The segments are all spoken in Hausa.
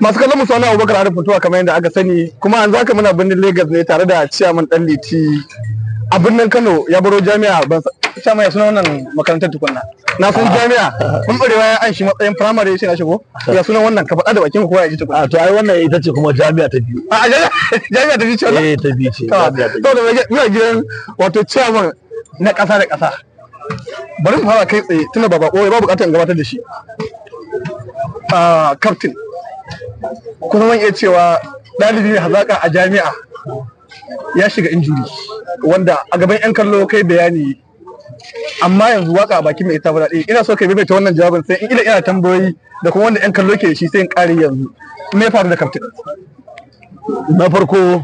masu kallon mu sani abubakar har fitowa kamar yadda aka sani kuma an zaka muna birnin lagos ne tare da ciyaman dan liti a birnin kano ya baro jami'a ban ciyaman ya suna wannan makarantar tukunna na san jami'a mun barewa ya an shi matsayin primary shi na shigo ya suna wannan ka faɗa da bakin kowa ya ji tukunna to ai wannan ita ce kuma jami'a ta biyu a jami'a ta biyu ce eh ta biyu ce to da muna gidan wato ciyaman na ƙasa da ƙasa bari mu fara kai tsaye tuna ba ba babu bukatar gabatar da shi Kaftin kuma zan iya cewa ɗalibi mai hazaƙa a jami'a ya shiga injuri wanda a gaban 'yan kallo kai bayani amma yanzu waka a bakin mai ita ba ina so kai bai ta wannan jawabin sai in ina tambayoyi da kuma wanda 'yan kallo ke shi sai in ƙari yanzu me faru da kaftin. na farko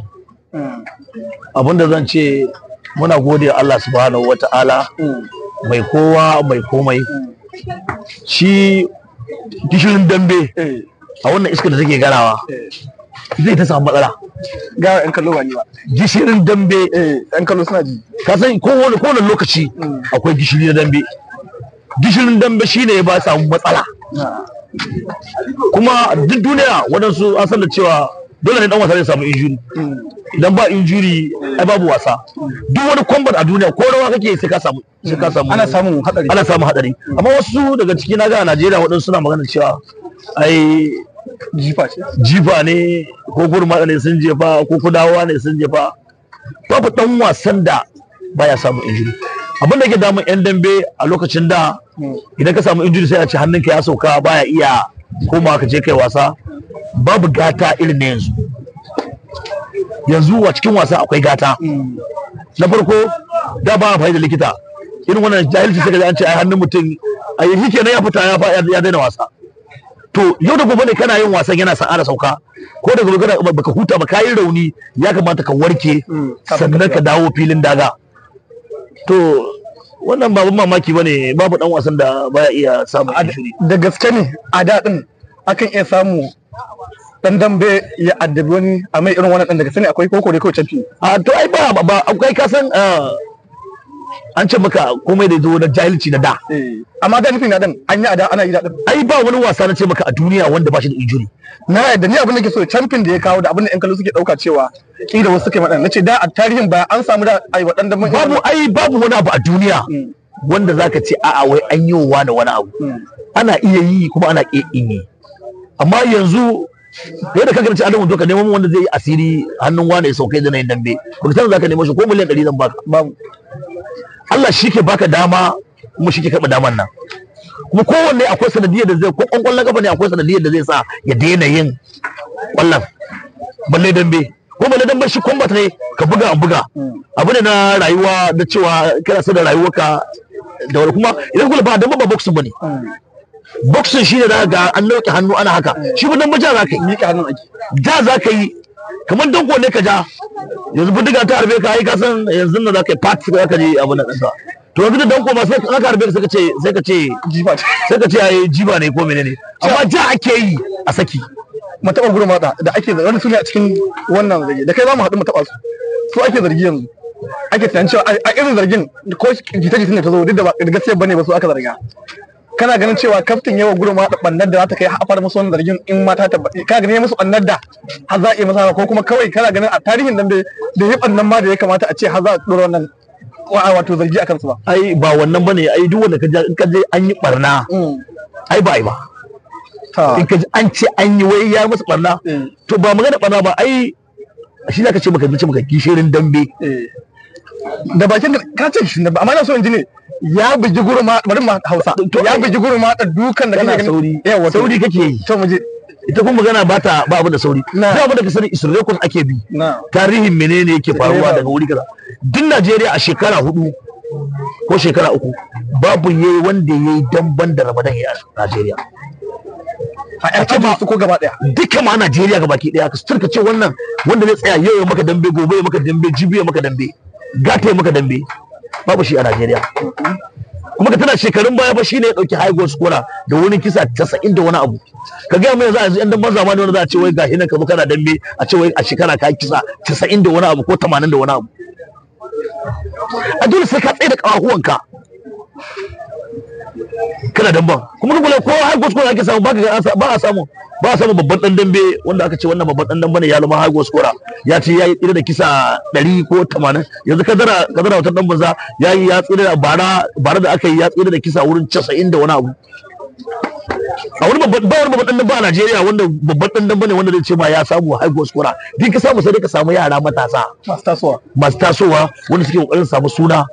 abin zan ce muna gode Allah subhanahu wata'ala mm. mai kowa mai komai shi gishirin dambe a wannan iskar da take garawa zai ta samu matsala ga yan kallo ba ni ba gishirin dambe eh, yan kallo suna ji ka san ko wani lokaci akwai gishiri na dambe gishirin dambe shine ya ba samu matsala kuma duk duniya waɗansu an san da cewa dole ne dan wasa zai samu injuri idan ba injuri ai babu wasa duk wani kwambar a duniya ko rawa kake sai ka samu sai ka samu ana samun hadari ana samun hadari amma wasu daga ciki naga a Najeriya wadansu suna magana cewa ai jifa ce jifa ne ko gurma ne sun jefa ko kudawa ne sun jefa babu dan wasan da baya samun injuri abin da ke damun yan dambe a lokacin da hmm. idan ka samu injuri sai a ce hannunka ya sauka baya iya ko ka je kai wasa babu gata irin na yanzu yanzu a cikin wasa akwai gata na farko da ba amfani da likita irin wannan jahilci sai ka an ce ai hannun mutum ai shi na ya fita ya ya daina wasa to yau da gobe ne kana yin wasan yana sa'a da sauka ko da gobe kana baka huta ba kayi rauni ya kamata ka warke mm, sannan ka dawo filin daga to wannan babu mamaki bane babu dan wasan da baya iya samun shiri da gaske ne a daɗin akan iya samu dan dambe ya addabi wani a mai irin wannan dan daga sani akwai koko da kawai canfi a to ai ba ba akwai kasan ah, an ce maka komai da zo na jahilci na da eh. amma da nufin dan an yi ada ana yi da ai ba wani wasa na ce maka a duniya wanda ba shi da injuri na yadda ni abin da ke so champion da ya kawo da abin da yan kallo suke dauka cewa ki da wasu suke na nace da a tarihin ba an samu da ai wadanda mun babu ai babu wani abu a duniya hmm. wanda zaka ce a wai an yi wa da wani abu hmm. ana iya yi kuma ana iya yi amma yanzu kai da kanka ce adamu to ka nemo wanda zai yi asiri hannun wane ya saukai da nayin dambe baka za zaka nemo shi ko miliyan 100 zan baka babu Allah shi ke baka dama kuma shi ke karɓa daman nan kuma kowanne akwai sanadiyar da zai ko kwallon kafa ne akwai sanadiyar da zai sa ya daina yin kwallon balle dambe ko balle dambe shi kwambata ne ka buga an buga abu ne na rayuwa da cewa kana so da rayuwarka da wani kuma idan kula ba dambe ba boxing ne boxing shine da ga an lauke hannu ana haka shi ba dan za ka yi miƙe hannun ake da za ka yi kamar dan ne ka ja yanzu bindiga ta harbe ka yi ka san yanzu na za ka yi pat za ka je abu na ɗansa to yanzu da dan ma sai ka harbe sai ka ce sai ka ce jiba sai ka ce ai jiba ne ko menene amma ja ake yi a saki mu taɓa gurin mata da ake zargi wani su a cikin wannan zargi da kai za mu haɗu mu taɓa su su ake zargi yanzu ake tunanin cewa a irin zargin ko jita-jita ne ta zo duk da ba gaskiya bane ba su aka zarga kana ganin cewa kaftin yawa gudun ma ɓannar da za ta kai hafar musu wannan zargin in mata ta baɗi? ka ganin musu ɓannar da har za a yi masa ko kuma kawai kana ganin a tarihin nan da ya ɓannan ma da ya kamata a ce har za a ɗora wannan wato zargi a kansu ba ai ba wannan bane ai duk wanda ka je in ka je an yi ɓarna. Mm. ai ba ai ba in ka je an ce an yi wai ya musu ɓarna. Eh. to ba magana ɓarna ba ai shi ne ka ce maka ce maka kishirin dambe eh. da bakin ka ce shi amma na so in ji ne ya bugi gurma bari mu Hausa ya eh. bugi gurma da dukan da kana sauri yawa sauri kake yi to muje ita kuma magana ba ta ba abu da sauri ba abu da kasar sani kun ake bi tarihin menene yake faruwa daga wuri kaza duk Najeriya a shekara hudu ko shekara uku babu yayi wanda yayi damban da Ramadan ya Najeriya a ba ko gaba daya duka ma Najeriya gabaki daya ka turka ce wannan wanda zai tsaya yau maka dambe gobe maka dambe jibi maka dambe gata maka dambe babu shi a Najeriya kuma ka tana shekarun baya ba shine ya dauki high goal scorer da wani kisa 90 da wani abu ka ga mai yanzu yanzu yan dan zamani wanda za a ce wai gashi nan ka kana dambe a ce wai a shekara ka kisa 90 da wani abu ko 80 da wani abu a dole sai ka tsaye da kawahuwanka kana damba kuma duk ko har goskora ake samu ba a samu ba a samu babban dan dambe wanda aka ce wannan babban dan dambe ne ya lama har goskora ya ce ya yi tsira da kisa ɗari ko tamanin yanzu kadara kadara wata dan banza ya yi ya tsira da bara bara da aka yi ya tsira da kisa wurin casa'in da wani abu a wani babban ba wani babban ba a Najeriya wanda babban dan damba ne wanda zai ce ma ya samu high goal scorer din ka samu sai ka samu yara matasa masu tasowa masu tasowa wanda suke kokarin samu suna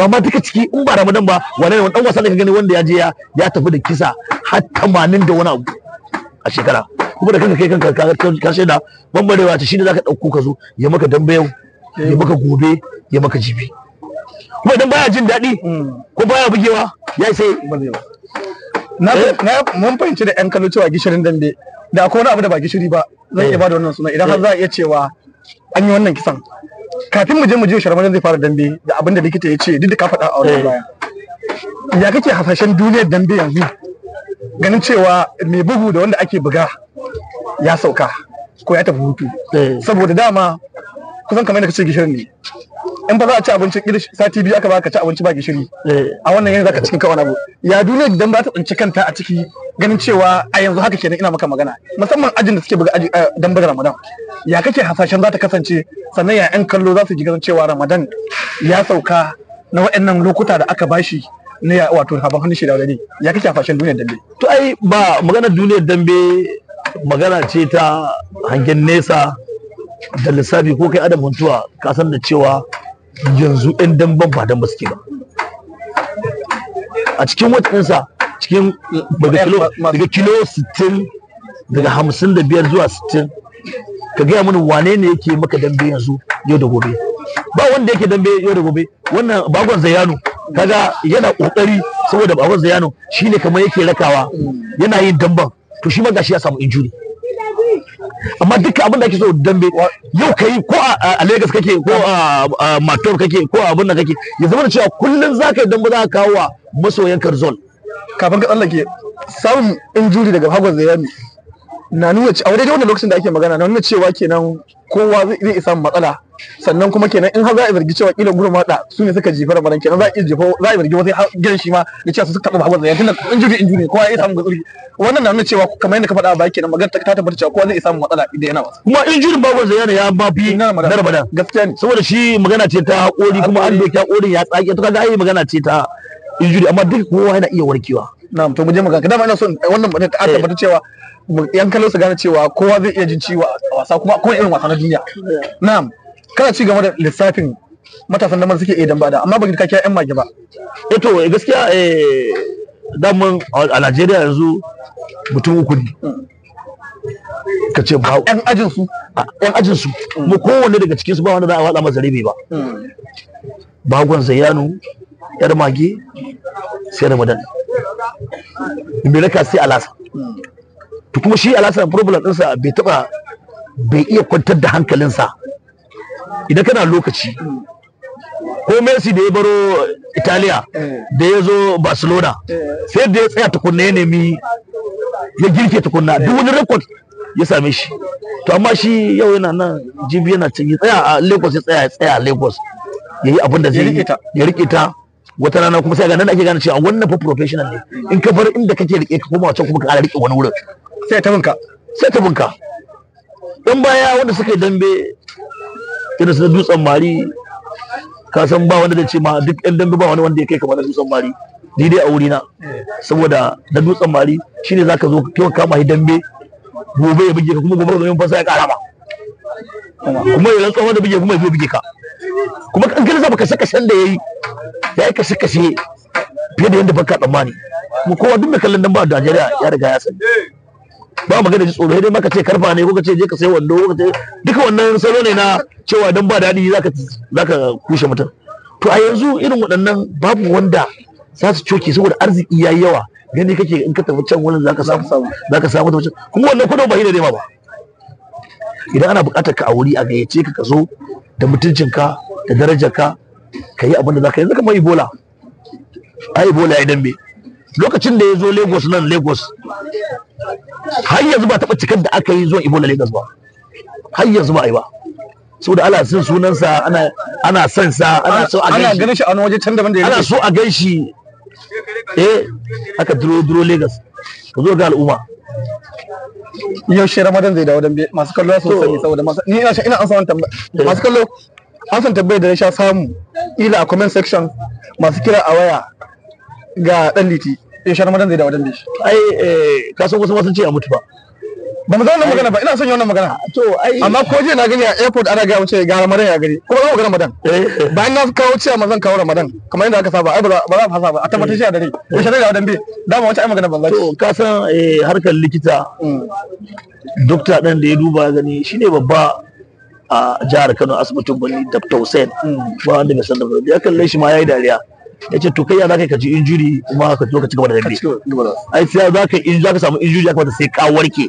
amma duka ciki in ba Ramadan ba wani wani dan wasa da ka gani wanda ya je ya ya tafi da kisa har 80 da wani abu a shekara kuma da kanka kai kanka ka shaida bambarewa ta shine zaka dauko ka zo ya maka dambe yau ya maka gobe ya maka jibi kuma idan baya jin daɗi mm. ko baya bugewa ya sai Eh? mun fahimci da yan kallo cewa gishirin dambe da akwai wani abu da ba gishiri ba zan iya eh. bada wannan suna idan har eh. za a iya cewa an yi wannan kisan kafin mu je mu je sharmadan zai fara dambe da abin da likita ya ce duk da ka faɗa a wannan baya ya kake hasashen duniyar dambe yanzu ganin cewa mai bugu da wanda ake buga ya sauka ko ya tafi hutu saboda dama kusan kamar da kace gishirin ne in ba za a ci abinci kirish sati biyu aka baka ci abinci ba gishiri eh. a wannan yanzu zaka cikin kawana abu ya duniya idan ba ta tsinci kanta a ciki ganin cewa a yanzu haka kenan ina maka magana musamman ajin da suke buga aji eh, dan bada ramadan ya kake hasashen za ta kasance sannan ya yan kallo za su ji ganin cewa ramadan ya sauka na waɗannan lokuta da aka bashi na wato haban hannun shi da wani ya kake hasashen duniyar dambe to ai ba maganar duniyar dambe magana ce ta hangen nesa da lissafi ko kai adam mutuwa ka san da cewa yanzu ɗan damban ba dan ba suke ba a cikin watansa cikin daga kilo 60 daga 55 zuwa 60 ka gaya mini wane ne yake maka dambe yanzu yau da gobe ba wanda yake dambe yau da gobe wannan bagon zayano kaga yana kokari saboda bagon zayano shine kamar yake rakawa yana yin damban to shi ma gashi ya samu injuri amma duka abin da ake so dambe yau ka yi ko a Lagos kake ko a Mator kake ko a abin da kake ya zama da cewa kullum za ka yi dambe za ka kawo wa masoyan Karzon kafin ka tsallake samun injuri daga Hagos Zayami na nuna a wadai wannan lokacin da ake magana na nuna cewa kenan kowa zai isa matsala sannan kuma kenan in har za a zargi cewa kila gurin da su ne suka jefar maran kenan za a jefa za a zargi wasu gidan shi ma da cewa su suka taba hawa in juri in juri kowa ya samu gatsuri wannan na nuna cewa kamar yadda ka faɗa ba kenan magana ta tabbata cewa kowa zai samu matsala idan yana wasu. kuma in juri babu zai ya ba fi narbada gaskiya ne saboda shi magana ce ta haƙori kuma an doki haƙorin ya tsage to kaga ai magana ce ta in juri amma duk kowa yana iya warkewa na'am to mu je magana dama ina son wannan magana ta eh. tabbata cewa yan kallon su gane cewa kowa zai iya jin ciwo a wasa kuma kowa irin wasa na duniya na'am kana ci gaba da lissafin matasan da suke idan bada amma ba ka kiyaye yan mage ba eh to eh, gaskiya eh mun a Najeriya yanzu mutum uku ne mm. ka ce ba yan ajin su yan ajin su mm. mu kowanne daga cikin su ba wanda za a wada masa ribi ba mm. bagon Zayanu. yar mage sai ramadan me raka sai alasa to kuma shi alasa problem ɗinsa bai taɓa bai iya kwantar da hankalinsa idan kana lokaci ko Messi da ya baro Italiya da ya zo Barcelona sai da ya tsaya tukunna ya nemi ya girke tukunna duk wani rekod ya same shi to amma shi yau yana nan jibi yana can ya tsaya a Lagos ya tsaya tsaya a Lagos ya yi abin da zai ya rike wata rana kuma sai ga nan ake gane cewa wannan fa professional ne in ka bar inda kake rike ka koma wancan kuma ka rike wani wurin sai ta binka sai ta binka dan baya wanda suka yi dambe irin su dutsen mari ka san ba wanda zai ce ma duk ɗan dambe ba wani wanda ya kai kamar dutsen mari ni dai a wuri na saboda da dutsen mari shine zaka zo kai kama hi dambe gobe ya buge ka kuma gobe zo yin fasa ya karama kuma ya tsawon da buge kuma zai buge ka kuma kan kana ba kashe kashen da yayi yayi kashe kashe fiye da yadda baka tsammani kuma kowa duk mai kallon dan ba Najeriya ya riga ya sani ba magana ji tsoro dai maka ce karfa ne ko ka ce je ka sai wando ko ka ce duka wannan salo ne na cewa dan ba dadi zaka zaka kushe mutum to a yanzu irin waɗannan babu wanda za su coke saboda arziki yayi yawa gani kake in ka tafi can wurin zaka samu zaka samu kuma wannan kudin ba hira ne ma ba idan ana buƙatar ka a wuri a gayyace ka ka zo da mutuncinka da darajarka ka yi abin da za ka yanzu kamar ibola a ibola ya dambe lokacin da ya zo lagos nan lagos har yanzu ba taɓa cikar da aka yi zuwa ibola lagos ba har yanzu ba a yi ba saboda ana son sunansa ana ana son sa ana so a ganshi ana ganin shi a wani waje can daban da ana so a shi, eh aka duro duro lagos ka zo ga al'umma yaushe ramadan zai dawo dambe masu kallo su sani saboda ni ina ina an samu tambaya eh. masu kallo an san tambayar da na sha samu ila a comment section masu kira a waya ga dan liti yaushe ramadan zai dawo dambe ai eh, ka san wasu masu ce a mutu ba ba mu ga magana ba ina son wannan magana to ai amma ko je na gani a airport ana ga wuce ga ramadan ya gari ko ba magana ramadan eh. bayan na kawo cewa mazan kawo ramadan kamar yadda aka saba ai ba za a fasa ba a tabbatar shi a dare ko shi da wadan bi dama wace ai magana zaki to ka san eh, harkar likita mm. dokta ɗan da ya duba gani shine babba a jihar Kano asibitin Bani Dr. Hussein mm. ba wanda bai san da ya kalle shi ma yayi dariya ya ce to kai ya zaka kaji injuri kuma ka zo ka ci gaba da dambe ai sai za ka injuri ka samu injuri ya kamata sai ka warke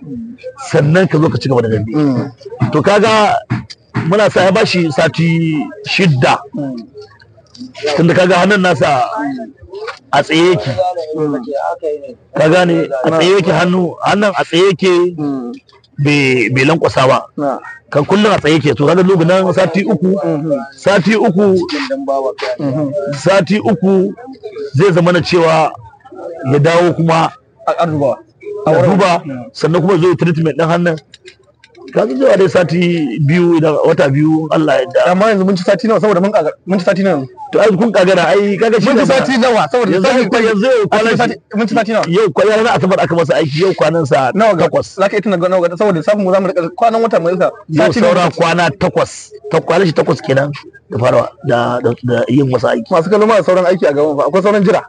sannan ka zo ka ci gaba da dambe mm. to kaga muna sa ya bashi sati shidda tunda kaga hannun nasa a tsaye yake mm. ka gane a tsaye yake hannu hannun a tsaye yake mm. bai lankwasa ba kan kullum a tsaye ke to kaga nan sati uku mhm. sati uku sati uku zai zama na cewa ya dawo kuma a duba mhm. sannan kuma zo treatment din hannun ka ga zuwa dai sati biyu idan wata biyu Allah ya da amma yanzu mun ci sati nawa saboda mun kaga mun ci sati nawa to ai kun kagara ai kaga shi mun ci sati nawa saboda yanzu ko yanzu mun ci sati nawa yau ko yana asabar aka masa aiki yau kwanan sa nawa takwas zaka yi tuna ga nawa saboda sabon mu zamu rika kwanan wata mai sa yau saura kwana takwas ta kwana shi takwas kenan da farawa da da yin masa aiki masu kallon ma sauran aiki a gaban fa akwai sauran jira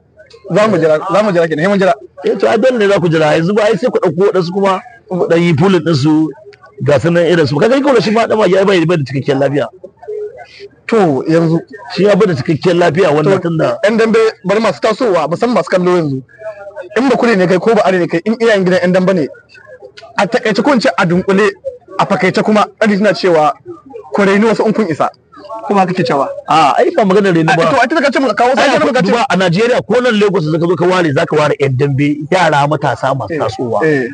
za mu jira za mu jira kenan sai mun jira eh to ai dole ne za ku jira yanzu ba ai sai ku dauko wadansu kuma dan yi pulin din su ga su nan irin su kaga kawai shi ma dama ya bai da cikakken lafiya to yanzu shi ya bada cikakken lafiya wannan da yan dambe bari masu tasowa musamman masu kallo yanzu in ba kure ne kai ko ba are ne kai in iyayen gidan yan dambe ne a takaice ko a dunkule a fakaice kuma ɗari suna cewa ku raini wasu kun isa kuma kake cewa a ai ba magana raini ba to a tana kace mu kawo sai ka kace a Najeriya ko nan Lagos zaka zo ka ware zaka ware yan dambe yara matasa masu eh, tasowa eh.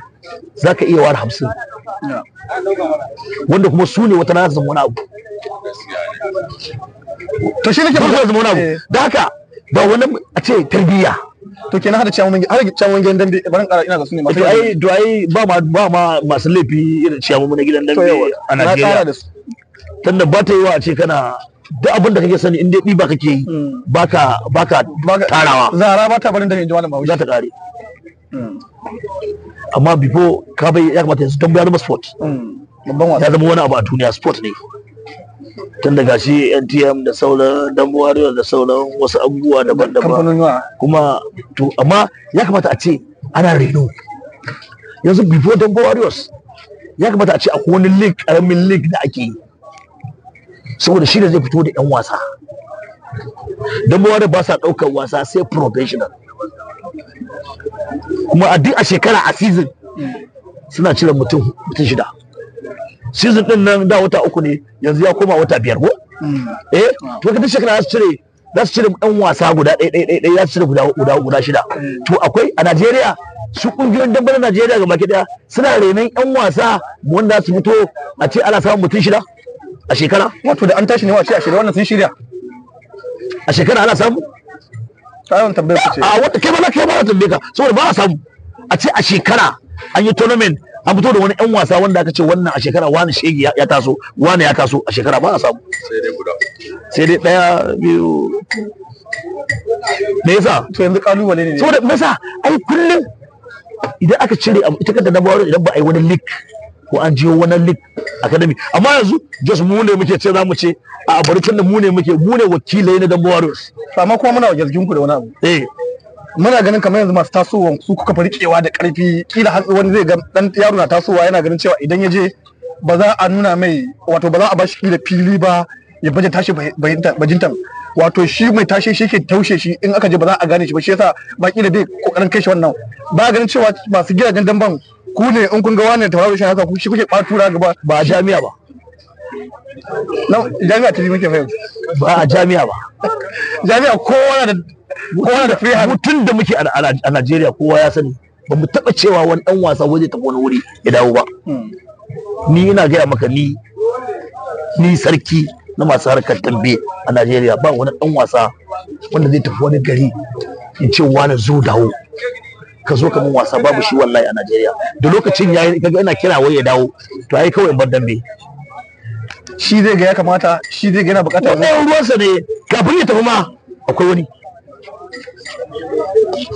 za ka iya ware hamsin wanda kuma su ne wata na zama wani abu to shi nake fara zama wani abu da haka ba wani a ce tarbiyya to kenan hada ciyawan har ciyawan gidan dambe barin ƙara ina ga su ne masu ai do ai ba ma ba ma masu laifi irin ciyawan na gidan dambe a Najeriya tunda ba ta yi wa a ce kana duk abin da kake sani in dai ba kake yi hmm. baka baka tarawa zara ba ta barin da inji malam Bahaushe za ta kare hmm. amma before ka bai ya kamata su tambaya zama sport mm, ya zama wani abu a duniya sport ne tun daga shi ntm da sauran damuwa warrior da sauran wasu abubuwa daban-daban kuma to amma ya kamata a ce ana reno yanzu before dan warriors ya kamata a ce akwai wani league karamin league da ake yi saboda shi da zai fito da yan wasa dan warrior ba sa daukar wasa sai professional kuma a duk a shekara a season suna cire mutum mutum shida season din nan da wata uku ne yanzu ya koma wata biyar ko mm. eh to duk shekara za su cire za su cire dan wasa guda ɗaya ɗaya ɗaya za su cire guda guda guda shida mm. to akwai a Najeriya su kungiyoyin dambe Najeriya ga baki daya suna renon yan wasa wanda su fito a ce ana samun mutum shida a shekara wato da an tashi ne wa ce a shirya wannan sun shirya a shekara ana samu tsarin tambayar ku ce a wata kai ba kai ba tambaye ka saboda ba a samu a ce a shekara an yi tournament an fito da wani yan wasa wanda aka ce wannan a shekara wani shege ya taso wani ya taso a shekara ba a samu sai dai guda sai dai daya biyu me yasa to yanzu kalubale ne saboda me yasa ai kullum idan aka cire abu ita kanta na idan ba a yi wani leak ko an jiyo wani lit academy amma yanzu jos mu ne muke ce za mu ce a abarkin da mu ne muke mu ne wakilai na dambo warriors amma kuma muna wajen ku da wani abu eh muna ganin kamar yanzu masu tasowa su kuka farkewa da karfi kila har wani zai ga dan yaro na tasowa yana ganin cewa idan ya je ba za a nuna mai wato ba za a bashi da fili ba ya baje tashi bajinta wato shi mai tashi shi ke taushe shi in aka je ba za a gane shi ba shi yasa baki da bai kokarin kai shi wannan ba ganin cewa masu gidajen damban ku ne in kun ga wannan tauraro shi haka ku shi kuke ɓatura gaba ba a jami'a ba jami'a ta muke fahimta ba a jami'a ba jami'a kowa da kowa da free mutum da muke a Najeriya kowa ya sani ba mu taɓa cewa wani ɗan wasa waje tafi wani wuri ya dawo ba hmm. ni ina gaya maka ni ni sarki na masu harkar tambe a Najeriya ba wani ɗan wasa wanda zai tafi wani gari in ce wani zo dawo ka zo ka mun wasa babu shi wallahi a Najeriya da lokacin yayi kaga ina kira waye dawo to ai kawai in bar dambe shi zai ga ya kamata shi zai ga yana bukata wannan sa ne kafin ya tafi ma akwai wani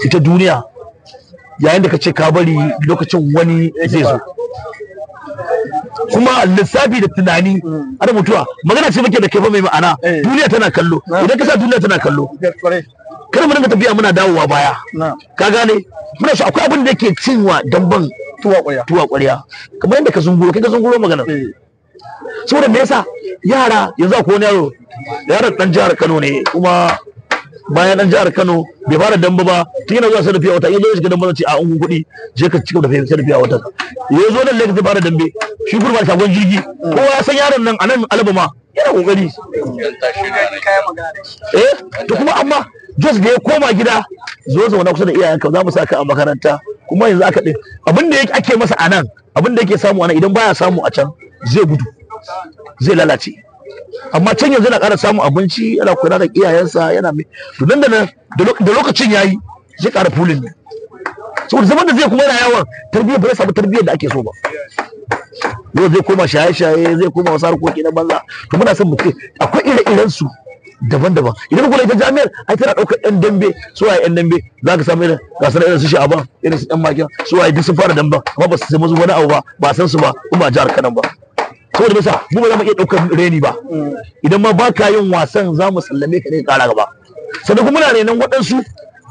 ita duniya yayin da ka ce ka bari lokacin wani zai zo kuma lissafi da tunani ada mutuwa magana ce muke da kai fa mai ma'ana eh. duniya tana kallo idan ka sa duniya tana kallo kar mu dinga tafiya muna dawowa baya ka gane muna so akwai abin da yake cinwa damban tuwa ƙwarya tuwa ƙwarya kamar yadda ka zunguro kai ka zunguro magana eh. saboda me yasa yara yanzu akwai wani yaro yaron dan jihar Kano ne kuma bayan dan jihar Kano bai fara damba ba tun yana zuwa sarrafiya wata yanzu ya shiga damba ce a ungun kuɗi je ka cika da sarrafiya wata yanzu zo nan zai fara dambe shi gurbar shagon jirgi mm. kowa ya san yaron nan a nan alabama yana kokari eh to kuma amma jos da ya koma gida zo zauna kusa da iyayenka za mu sa ka a makaranta kuma yanzu aka din abin da ake masa a nan abin da yake samu a nan idan baya samu a can zai gudu zai lalace amma can yanzu yana ƙara samun abinci yana kula da iyayensa yana mai to nan da nan da lokacin yayi zai ƙara fulin ne saboda zaman da zai kuma yana yawan tarbiyyar ba zai samu tarbiyyar da ake so ba yau zai koma shaye-shaye zai koma wasu harkoki na banza to muna son mu ce akwai ire-iren su daban-daban idan kula ita jami'ar ai tana ɗaukar ɗan dambe su waye ɗan dambe za ka samu irin gasar irin su sha'aban irin su ɗan makiya su waye duk sun fara dambe amma ba su sai musu wani abu ba ba san su ba kuma ba jihar kanan ba saboda bisa mu ba za mu iya ɗaukar reni ba idan ma ba yin wasan za mu sallame ka ne ƙara gaba sannan kuma muna renon waɗansu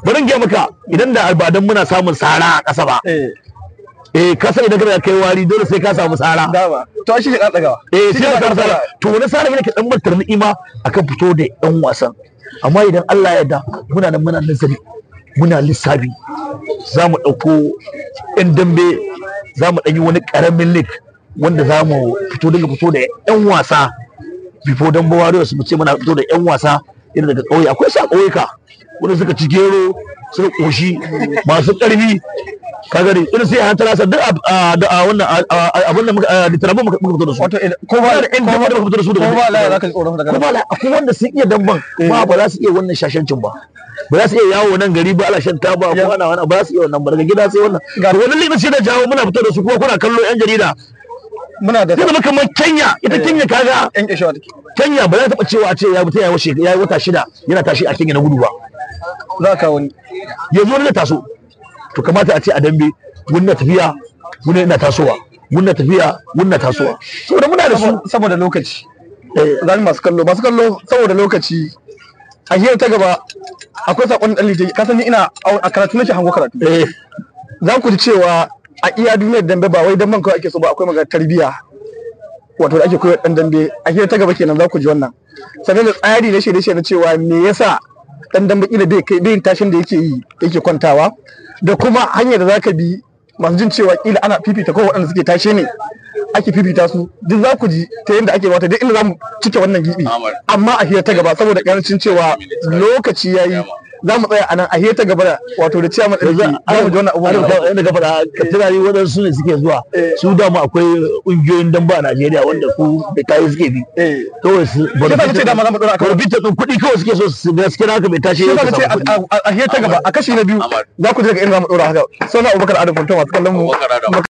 bari gaya maka idan da albadan muna samun sara a ƙasa ba eh. eh kasa idan kana kai wari dole sai ka samu tsara dama to shi ka katsagawa eh shi ka tsara to wani tsara ne ke dan martar ni'ima akan fito da dan wasan amma idan Allah ya yarda muna nan muna nazari muna lissafi za mu ɗauko yan dambe za mu ɗanyi wani ƙaramin lik wanda za mu fito daga fito da yan wasa before dan warriors mu ce muna fito da yan wasa irin daga ƙauye akwai sa ka, wanda suka ci gero suka ƙoshi masu ƙarfi ka gani irin sai an tarasa duk a wannan abin da muka littarabu muka fito da su wato ko ba da inda muka fito da su ko ba la za ka tsoro daga ko ba la akwai wanda sun iya damban eh. ba ba za su iya wannan shashancin ba ba za su iya yawo nan gari ba ala shan taba ko ana wani ba za su iya wannan ba daga gida sai wannan to wannan limin sai da jawo muna fito da su kuma kuna kallo yan jarida muna da zama kamar Kenya ita eh. Kenya kaga yan kishawa take Kenya ba za ta taba cewa a ce ya mutum ya yi wata shida yana tashi a Kenya na gudu ba za ka wani yanzu wani da taso to kamata a ce a dambe wunna tafiya wunna ina tasowa wunna tafiya wunna tasowa saboda muna da su saboda lokaci zami eh. masu kallo masu kallo saboda lokaci a hiyar ta gaba akwai sakon dan lije ka sani ina a karatu nake hango karatu eh. za ku ji cewa a iya duniyar dambe ba wai man kawai ake so ba akwai magana tarbiyya wato da ake koyar dan dambe a hiyar ta gaba kenan za ku ji wannan sanin da tsari na shirye-shirye na cewa me yasa dan dan baki da bai tashin da yake yi yake kwantawa da kuma hanyar da zaka bi masu jin cewa kila ana fifita ko waɗanda suke tashe ne ake fifita su duk za ku ji ta yadda ake wata duk inda za mu cike wannan gibi amma a hira ta gaba saboda karancin cewa lokaci ya yi za mu tsaya a nan a hira ta gaba wato da ciyaman da za mu ji wannan abubuwan da gaba da katirari waɗansu ne suke zuwa eh. su da mu akwai ƙungiyoyin damba a Najeriya wanda ku da kayi suke bi eh. kawai su barbita ɗin kuɗi kawai suke so su da suke naka bai tashi a hira ta gaba a kashi na biyu za ku ji daga inda za mu ɗora haka sunan Abubakar Adam Kuntawa su kallon mu